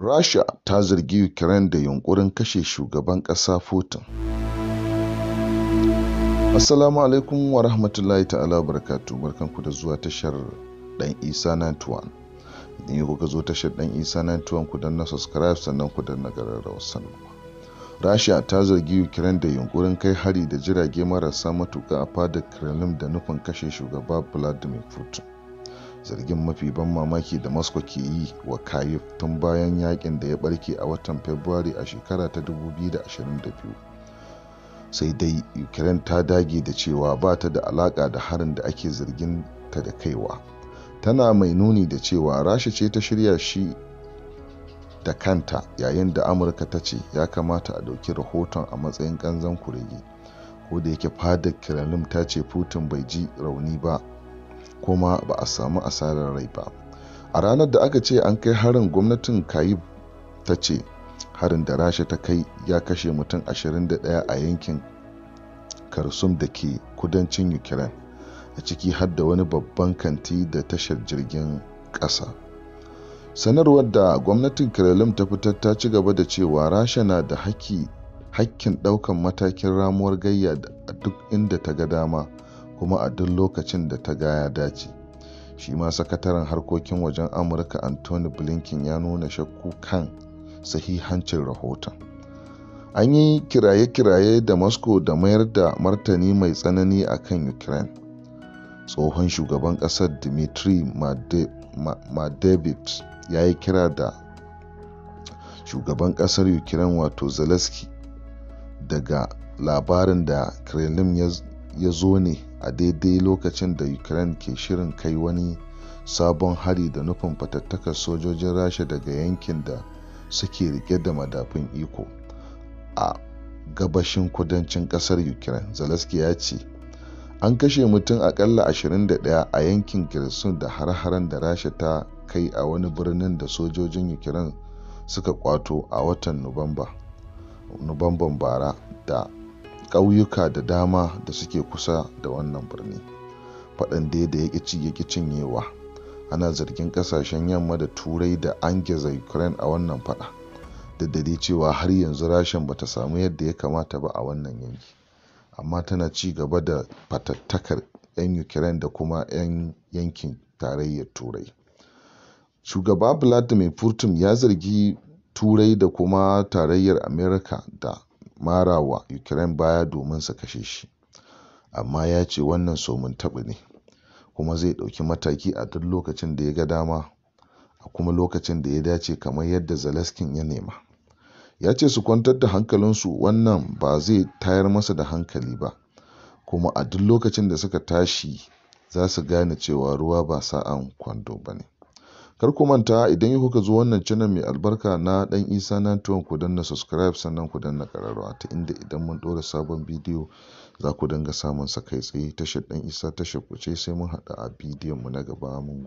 Rasha ta zargi Ukraine da yunƙurin kashe shugaban ƙasa Putin. Assalamu alaikum wa rahmatullahi ta'ala barakatu ku da zuwa tashar ɗan Isa 91. Idan yi kuka zo tashar ɗan Isa 91 ku danna subscribe sannan ku danna gararrawar sanarwa. Rasha ta zargi Ukraine da yunkurin kai hari da jirage marasa matuƙa a fadar Kremlin da nufin kashe shugaba Vladimir Putin. zargin mafi ban mamaki da moscow ke yi wa kyiv tun bayan yakin da ya barke a watan february a shekara ta 2022 sai dai ukraine ta dage da cewa ba ta da alaka da harin da ake zargin ta da kaiwa tana mai nuni da cewa rasha ce ta shirya shi da kanta yayin da amurka ta ce ya kamata a ɗauki rahoton a matsayin ƙanzan kurege ko da yake fadar kremlin ta ce putin bai ji rauni ba kuma ba a samu asarar rai ba a ranar da aka ce an kai harin gwamnatin kayib ta ce harin da rasha ta kai ya kashe mutum 21 a yankin karsum da ke kudancin ukraine a ciki har da wani babban kanti da tashar jirgin ƙasa sanarwar da gwamnatin kremlin ta fitar ta ci gaba da cewa rasha na da hakkin ɗaukan matakin ramuwar gayya a duk inda ta ga dama kuma a duk lokacin da ta gaya dace shi ma sakataren harkokin wajen amurka anthony blinken ya nuna shakku kan sahihancin rahoton an yi kiraye-kiraye da moscow da mayar da martani mai tsanani a kan ukraine tsohon shugaban kasar dmitry madebit ya yi kira da shugaban kasar ukraine wato zelensky daga labarin da kremlin ya zo ne a daidai lokacin da ukraine ke shirin kai wani sabon hari da nufin fatattakar sojojin rasha daga yankin da suke rike da madafin iko a gabashin kudancin kasar ukraine zelensky ya ce an kashe mutum akalla 21 a yankin kirsun da har-haren da rasha ta kai a wani birnin da sojojin ukraine suka kwato a watan nuwamban bara da ƙauyuka da dama da suke kusa da wannan birni faɗan dai da ya ƙi cinyewa ana zargin ƙasashen yamma da turai da an gaza ukraine a wannan faɗa da dare cewa har yanzu rashin bata samu yadda ya kamata ba a wannan yanki amma tana ci gaba da fatattakar 'yan ukraine da kuma 'yan yankin tarayyar turai shugaba vladimir putin ya zargi turai da kuma tarayyar amerika da mara wa Ukraine baya domin su kashe shi. Amma ya ce wannan somin taɓa ne, kuma zai ɗauki mataki a duk lokacin da ya ga dama a kuma lokacin da ya dace kamar yadda Zelensky ya nema. Ya ce su kwantar da hankalinsu wannan ba zai tayar masa da hankali ba, kuma a duk lokacin da suka tashi za su gane cewa ruwa ba sa'an kwando ba ne. Kar ku manta idan yi kuka zo wannan channel mai albarka na dan Isa 91 ku danna subscribe sannan ku danna ƙararrawa ta inda idan mun ɗora sabon bidiyo za ku dinga samun sa kai tsaye tashar dan Isa tashar ku ce sai mun hada a bidiyon mu na gaba mun